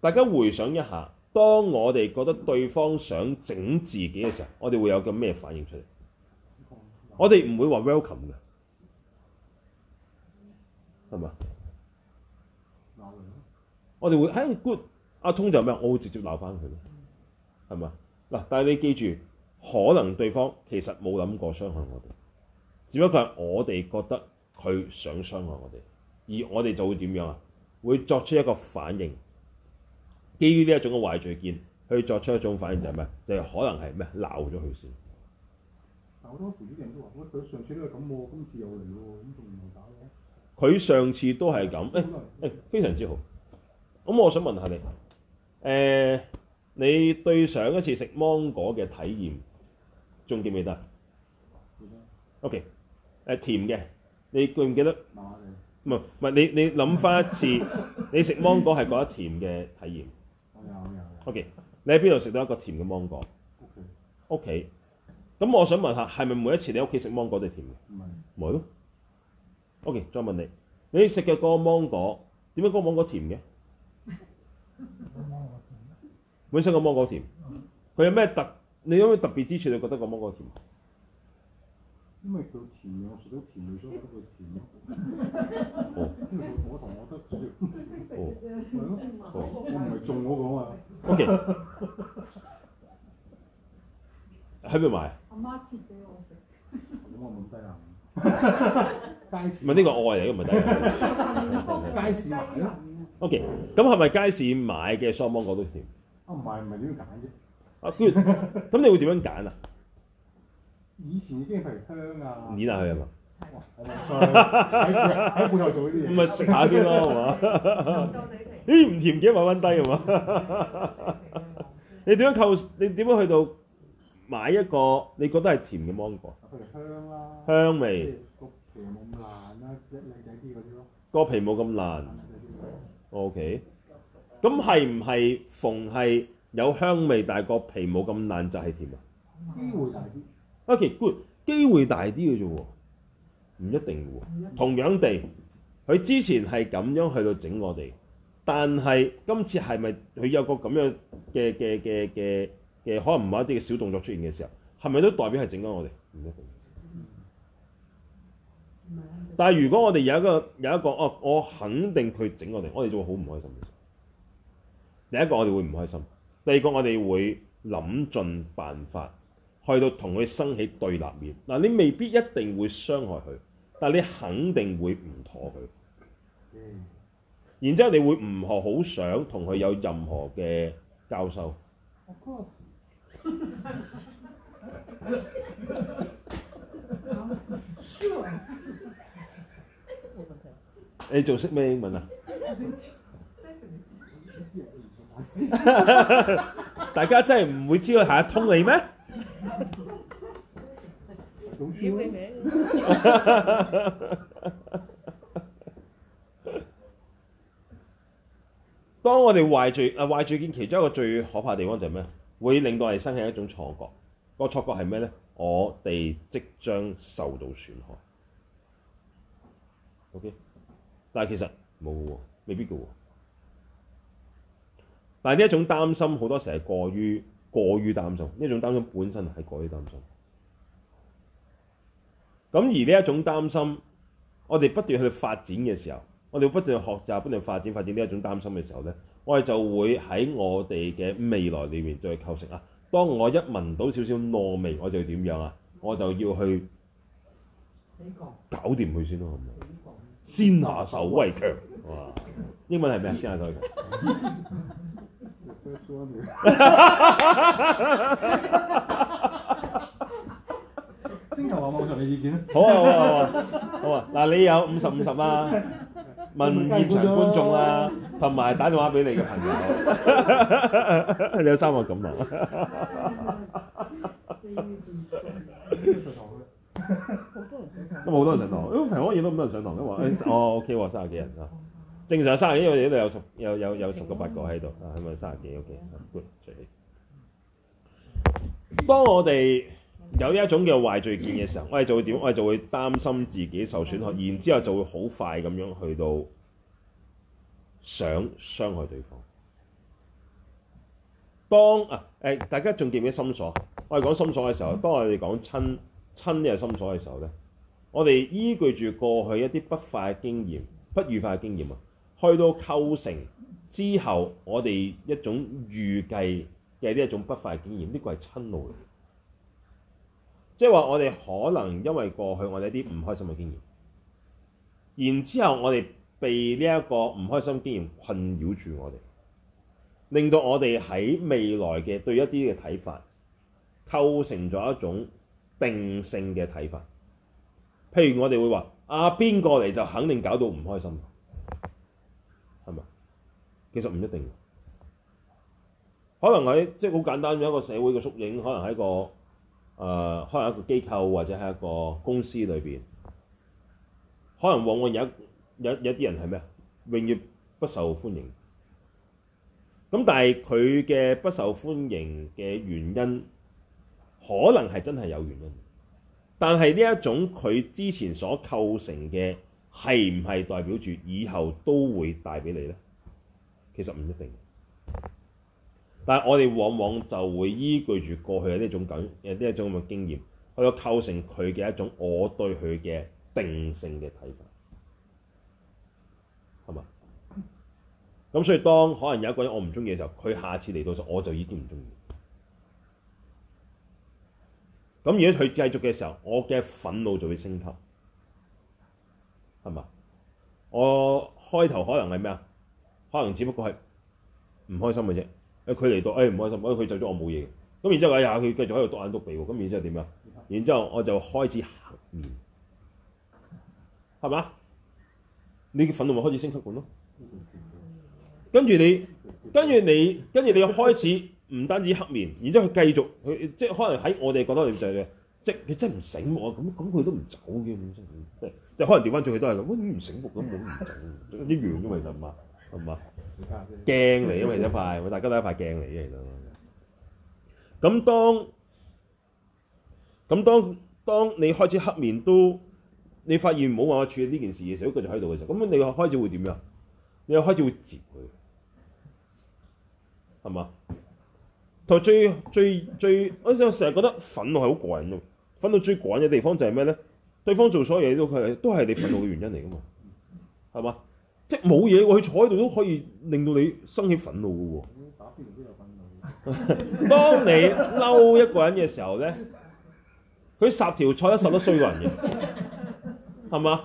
大家回想一下，當我哋覺得對方想整自己嘅時候，我哋會有個咩反應出嚟？嗯嗯、我哋唔會話 welcome 嘅，係咪、嗯嗯嗯、我哋會喺、嗯、good，阿、啊、通就咩？我會直接鬧翻佢。係嘛？嗱，但係你記住，可能對方其實冇諗過傷害我哋，只不過係我哋覺得佢想傷害我哋，而我哋就會點樣啊？會作出一個反應，基於呢一種嘅壞罪見去作出一種反應就，就係咩？就係可能係咩？鬧咗佢先。但好多時啲人都話，佢上次都係咁，喎、哎，今次又嚟，喎，咁仲唔係搞嘅？佢上次都係咁，誒誒，非常之好。咁我想問下你，誒、哎。你對上一次食芒果嘅體驗，仲記唔記得？記得。O.K.，誒、呃、甜嘅，你記唔記得？唔係，唔係，你你諗翻一次， 你食芒果係覺得甜嘅體驗。有有 O.K.，你喺邊度食到一個甜嘅芒果？屋企 Okay。咁、okay，我想問下，係咪每一次你屋企食芒果都係甜嘅？唔係是。唔係咯。O.K.，再問你，你食嘅個芒果點解個芒果甜嘅？ 本身個芒果甜，佢有咩特？你有咩特別之處？你覺得個芒果甜？因為佢甜，我食到甜，你都覺得甜。哦。Oh. 因為我同我都主我唔係種嗰個嘛。O K。喺邊買？阿媽，媽切俾我食。咁我冇西南。唔係呢個愛嚟嘅，唔係。街市買啦。O K，咁係咪街市買嘅雙芒果都甜？啊，唔係唔係，點樣揀啫？啊，咁你會點樣揀啊？以前已經譬如香啊，碾下佢啊嘛。喺背後做呢啲嘢。唔係食下先咯，係、嗯嗯欸、嘛？咦？唔甜嘅買翻低係嘛？你點樣扣？你點樣去到買一個你覺得係甜嘅芒果？香啦、啊。香味。皮啊、你個皮冇咁爛啦，隻靚仔啲嗰啲咯。個皮冇咁爛。嗯、OK。咁係唔係逢係有香味，但係個皮冇咁爛就係甜啊？機會大啲，ok good 機會大啲嘅啫喎，唔一定喎。唔一定。同樣地，佢之前係咁樣去到整我哋，但係今次係咪佢有個咁樣嘅嘅嘅嘅嘅可能唔係一啲嘅小動作出現嘅時候，係咪都代表係整緊我哋？唔一定。唔一定。但係如果我哋有一個有一個哦，我肯定佢整我哋，我哋就會好唔開心。第一個我哋會唔開心，第二個我哋會諗盡辦法，去到同佢生起對立面。嗱，你未必一定會傷害佢，但係你肯定會唔妥佢。嗯、然之後你會唔學好想同佢有任何嘅教授。嗯、你仲識咩英文啊？ 大家真係唔會知道下一通你咩？點 當我哋懷住啊懷住見其中一個最可怕嘅地方就係咩？會令到我哋生起一種錯覺。個錯覺係咩咧？我哋即將受到損害。OK，但係其實冇喎，未必㗎喎。但呢一種擔心好多時係過於過於擔心，呢一種擔心本身係過於擔心。咁而呢一種擔心，我哋不斷去發展嘅時候，我哋不斷去學習、不斷發展、發展呢一種擔心嘅時候咧，我哋就會喺我哋嘅未來裏面再構成啊。當我一聞到少少糯味，我就要點樣啊？我就要去搞掂佢先咯，係咪？先下手為強。哇！英文係咩啊？先下手為強。 聽人話嘛，上嘅 意見咧，啊。好啊好啊好啊，嗱你有五十五十啊？問現場觀眾啊，同埋打電話俾你嘅朋友。 有三個咁多。都好 多人上堂，咁 平安夜都冇人上堂。因為 哦，OK 喎，啊，三廿幾人啊。正常三十幾，因為我哋都有十有有有十個八個喺度的啊，係咪三十幾？OK，good。當我哋有一種嘅壞罪見嘅時候，我哋就會點？我哋就會擔心自己受損害，然之後就會好快咁樣去到想傷害對方。當啊誒，大家仲記唔記得心所？我哋講心所嘅時候，當我哋講親親呢個心所嘅時候咧，我哋依據住過去一啲不快嘅經驗、不愉快嘅經驗啊。去到構成之後，我哋一種預計嘅一一種不快經驗，呢個係親路嚟嘅。即係話我哋可能因為過去我哋一啲唔開心嘅經驗，然後之後我哋被呢一個唔開心的經驗困擾住我哋，令到我哋喺未來嘅對一啲嘅睇法構成咗一種定性嘅睇法。譬如我哋會話：阿、啊、邊個嚟就肯定搞到唔開心了。其實唔一定，可能喺即係好簡單一個社會嘅縮影，可能喺一個誒、呃，可能喺一個機構或者係一個公司裏面，可能往往有一有有啲人係咩啊，永遠不受歡迎的。咁但係佢嘅不受歡迎嘅原因，可能係真係有原因，但係呢一種佢之前所構成嘅，係唔係代表住以後都會帶俾你咧？其實唔一定，但係我哋往往就會依據住過去嘅呢種咁嘅經驗，去構成佢嘅一種我對佢嘅定性嘅睇法，係嘛？咁、嗯、所以當可能有一個人我唔中意嘅時候，佢下次嚟到時候就我就已經唔中意。咁而如果佢繼續嘅時候，我嘅憤怒就會升級，係嘛？我開頭可能係咩啊？可能只不過係唔開心嘅啫。誒佢嚟到，誒、哎、唔開心。誒佢就咗我冇嘢。咁然之後，哎呀佢繼續喺度篤眼篤鼻喎。咁然之後點啊？然之後，後，後我就開始黑面，係嘛？你嘅憤怒咪開始升級緊咯。跟住你，跟住你，跟住你，你開始唔單止黑面，然之後佢繼續，佢即係可能喺我哋覺得你就係、是、即你佢真唔醒目。咁咁佢都唔走嘅，咁即係即係可能調翻轉佢都係咁，唔、哎、醒目咁冇唔走，一樣啫嘛。係嘛？鏡嚟，因為一塊，大家都係一塊鏡嚟嘅，其實。咁當，咁當，當你開始黑面都，你發現唔好話我處理呢件事嘅時候，佢就喺度嘅時候，咁你開始會點樣？你又開始會接佢，係嘛？同時最最最，我成日覺得憤怒係好過癮嘅。憤怒最過癮嘅地方就係咩咧？對方做所有嘢都係都係你憤怒嘅原因嚟㗎嘛？係嘛？即係冇嘢佢坐喺度都可以令到你生起憤怒嘅喎。打邊爐都有憤怒。當你嬲一個人嘅時候咧，佢十條菜都十粒衰個人嘅，係嘛？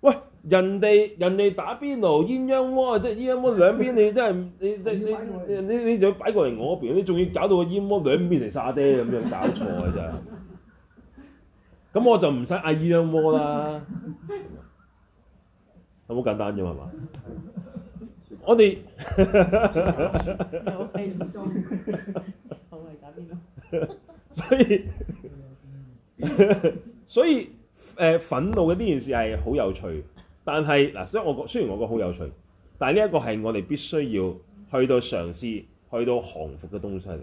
喂，人哋人哋打邊爐鴛鴦鍋，鴛鴦即係鴛鴦鍋兩邊，那邊，你真係你你你你你仲要擺過嚟我邊，你仲要搞到個鴛鴦鍋兩邊變成沙爹咁樣搞錯㗎！咋。係。咁我就唔使嗌鴛鴦鍋啦。 好簡單啫嘛，係嘛？ 我哋搞邊所以，所以，誒、呃、憤怒嘅呢件事係好有，有趣，但係嗱，所以我雖然我覺得好有趣，但係呢一個係我哋必須要去到嘗試、去到降服嘅東西嚟。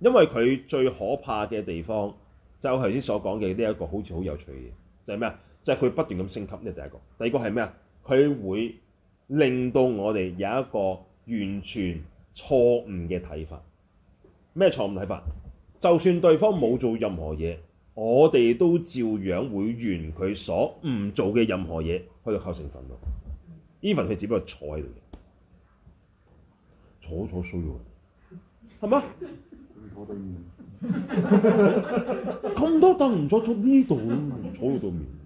因為佢最可怕嘅地方，就我頭先所講嘅，呢一個好似好有趣嘅嘢，就係咩啊？即係佢不斷咁升級，呢第一個。第二個係咩啊？佢會令到我哋有一個完全錯誤嘅睇法。咩錯誤睇法？就算對方冇做任何嘢，我哋都照樣會怨佢所唔做嘅任何嘢喺度構成憤怒。Even 佢只不過坐喺度嘅，坐坐衰喎，係嘛？我哋咁多凳唔坐坐呢度，坐到面。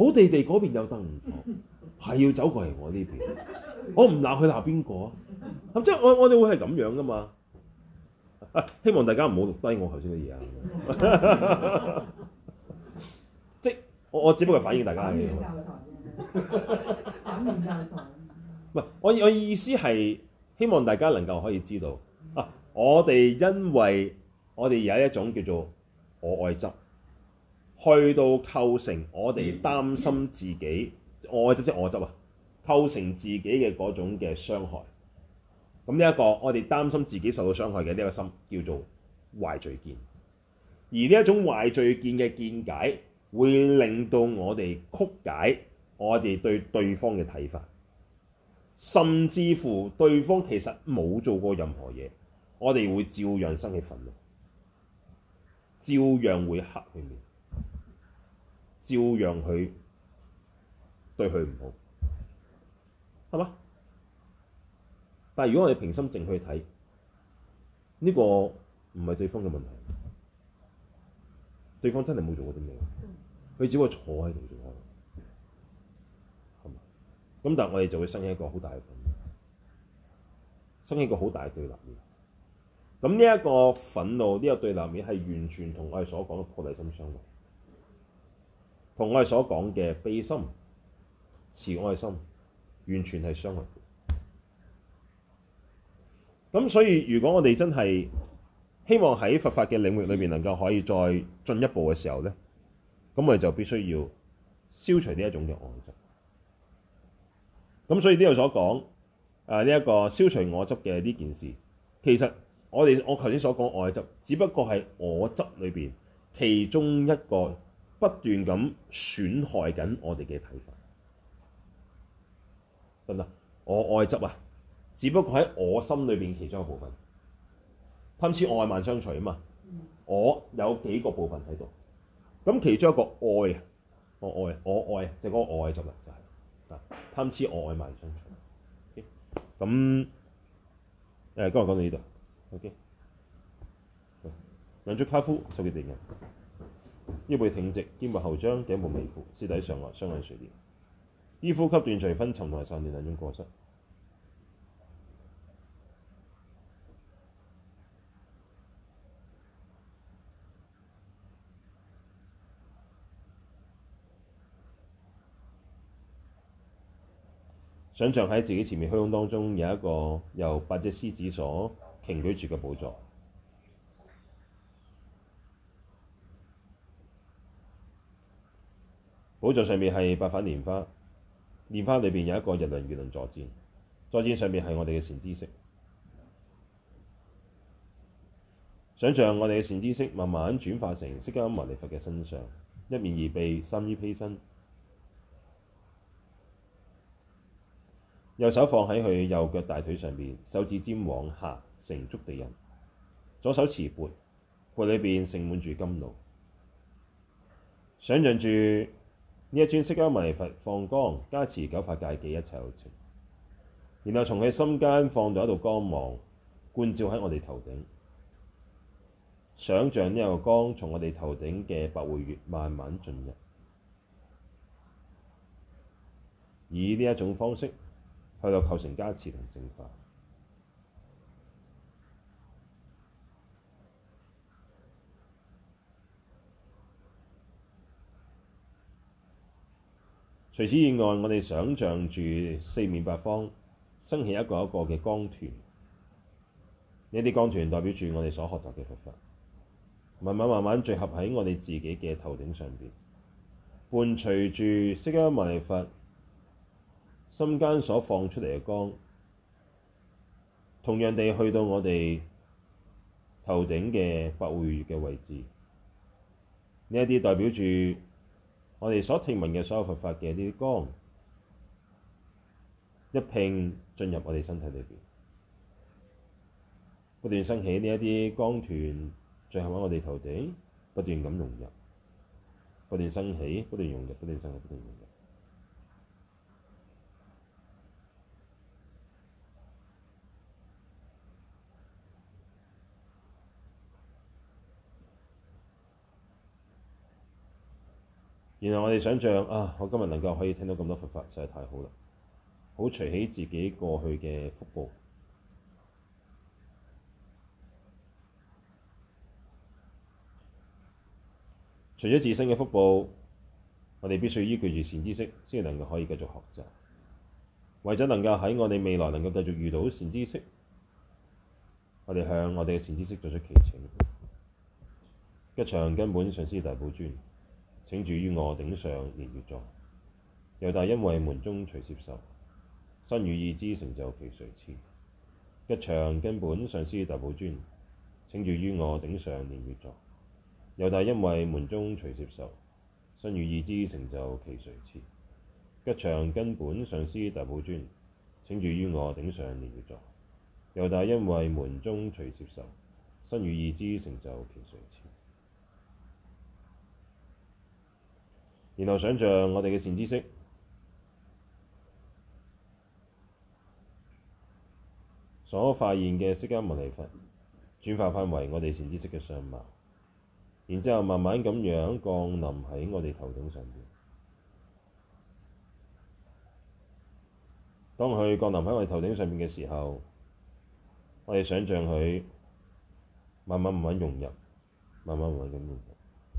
好地地嗰邊有凳，唔錯，係要走過嚟我呢邊。我唔鬧佢鬧邊個啊？咁即係我我哋會係咁樣噶嘛？希望大家唔好錄低我頭先嘅嘢啊！即係我我只不過反映大家嘅嘢。唔係，我我意思係希望大家能夠可以知道啊！我哋因為我哋有一種叫做我愛執。去到構成我哋擔心自己，我執即係我執啊，構成自己嘅嗰種嘅傷害。咁呢一個我哋擔心自己受到傷害嘅呢個心叫做壞罪見，而呢一種壞罪見嘅見解會令到我哋曲解我哋對對方嘅睇法，甚至乎對方其實冇做過任何嘢，我哋會照樣生氣憤怒，照樣會黑佢面。照讓佢對佢唔好，係嘛？但係如果我哋平心靜去睇，呢個唔係對方嘅問題，對方真係冇做過啲咩，佢只不過坐喺度做係嘛？咁但係我哋就會生起一個好大嘅憤怒，生起一個好大嘅對立面。咁呢一個憤怒，呢個對立面係完全同我哋所講嘅破例心相嘅。同我哋所講嘅悲心、慈愛心，完全係相違。咁所以，如果我哋真係希望喺佛法嘅領域裏邊能夠可以再進一步嘅時候咧，咁我哋就必須要消除呢一種嘅我執。咁所以呢度所講誒呢一個消除我執嘅呢件事，其實我哋我頭先所講我執，只不過係我執裏邊其中一個。不斷咁損害緊我哋嘅睇法，得唔得？我愛執啊，只不過喺我心裏邊其中一部分，貪痴愛慢相隨啊嘛。我有幾個部分喺度，咁其中一個愛啊，我愛我愛，即係嗰個愛執啊，就係、是、啊貪痴愛慢相隨。咁、okay？誒、嗯，今日講到呢度，OK。咁就卡夫，坐幾多嘢？腰背挺直，肩部後張，頸部微伏，屍體上落，雙眼垂簾。依呼吸斷除分沉外散亂兩種過失。 想像喺自己前面虛空當中有一個由八隻獅子所擎舉住嘅寶座。寶座上面係白粉蓮花，蓮花裏面有一個日輪月輪坐戰。坐戰上面係我哋嘅善知識。想像我哋嘅善知識慢慢轉化成釋迦牟尼佛嘅身相，一面二臂，三衣披身，右手放喺佢右腳大腿上面，手指尖往下成觸地印，左手持缽，缽裏邊盛滿住甘露。想像住。呢一尊釋迦牟尼佛放光，加持九法界嘅一切有情，然後從佢心間放到一道光芒，觀照喺我哋頭頂，想像呢個光從我哋頭頂嘅百會穴慢慢進入，以呢一種方式去到構成加持同淨化。除此以外，我哋想像住四面八方升起一個一個嘅光團，呢啲光團代表住我哋所學習嘅佛法，慢慢慢慢聚合喺我哋自己嘅頭頂上邊，伴隨住釋迦牟尼佛心間所放出嚟嘅光，同樣地去到我哋頭頂嘅百會穴嘅位置，呢一啲代表住，我哋所聽聞嘅所有佛法嘅一啲光，一拼進入我哋身體裏邊，不斷升起呢一啲光團，最後喺我哋頭頂不斷咁融入，不斷升起，不斷融入，不斷升起，不斷融入。然後我哋想象啊，我今日能夠可以聽到咁多佛法，實在太好啦！好隨喜自己過去嘅福報，除咗自身嘅福報，我哋必須依據住善知識，先能夠可以繼續學習。為咗能夠喺我哋未來能夠繼續遇到善知識，我哋向我哋嘅善知識作出祈請。吉祥根本上師大寶尊。請住於我頂上蓮月座，又大因為門中隨攝受，身與意之成就其隨次，吉祥根本上師大寶尊，請住於我頂上蓮月座，又大因為門中隨攝受，身與意之成就其隨次，吉祥根本上師大寶尊，請住於我頂上蓮月座，又大因為門中隨攝受，身與意之成就其隨次。然後想像我哋嘅善知識所發現嘅釋迦牟尼佛轉化翻為我哋善知識嘅相貌，然之後慢慢咁樣降臨喺我哋頭頂上面。當佢降臨喺我哋頭頂上面嘅時候，我哋想像佢慢慢慢慢融入，慢慢慢慢咁。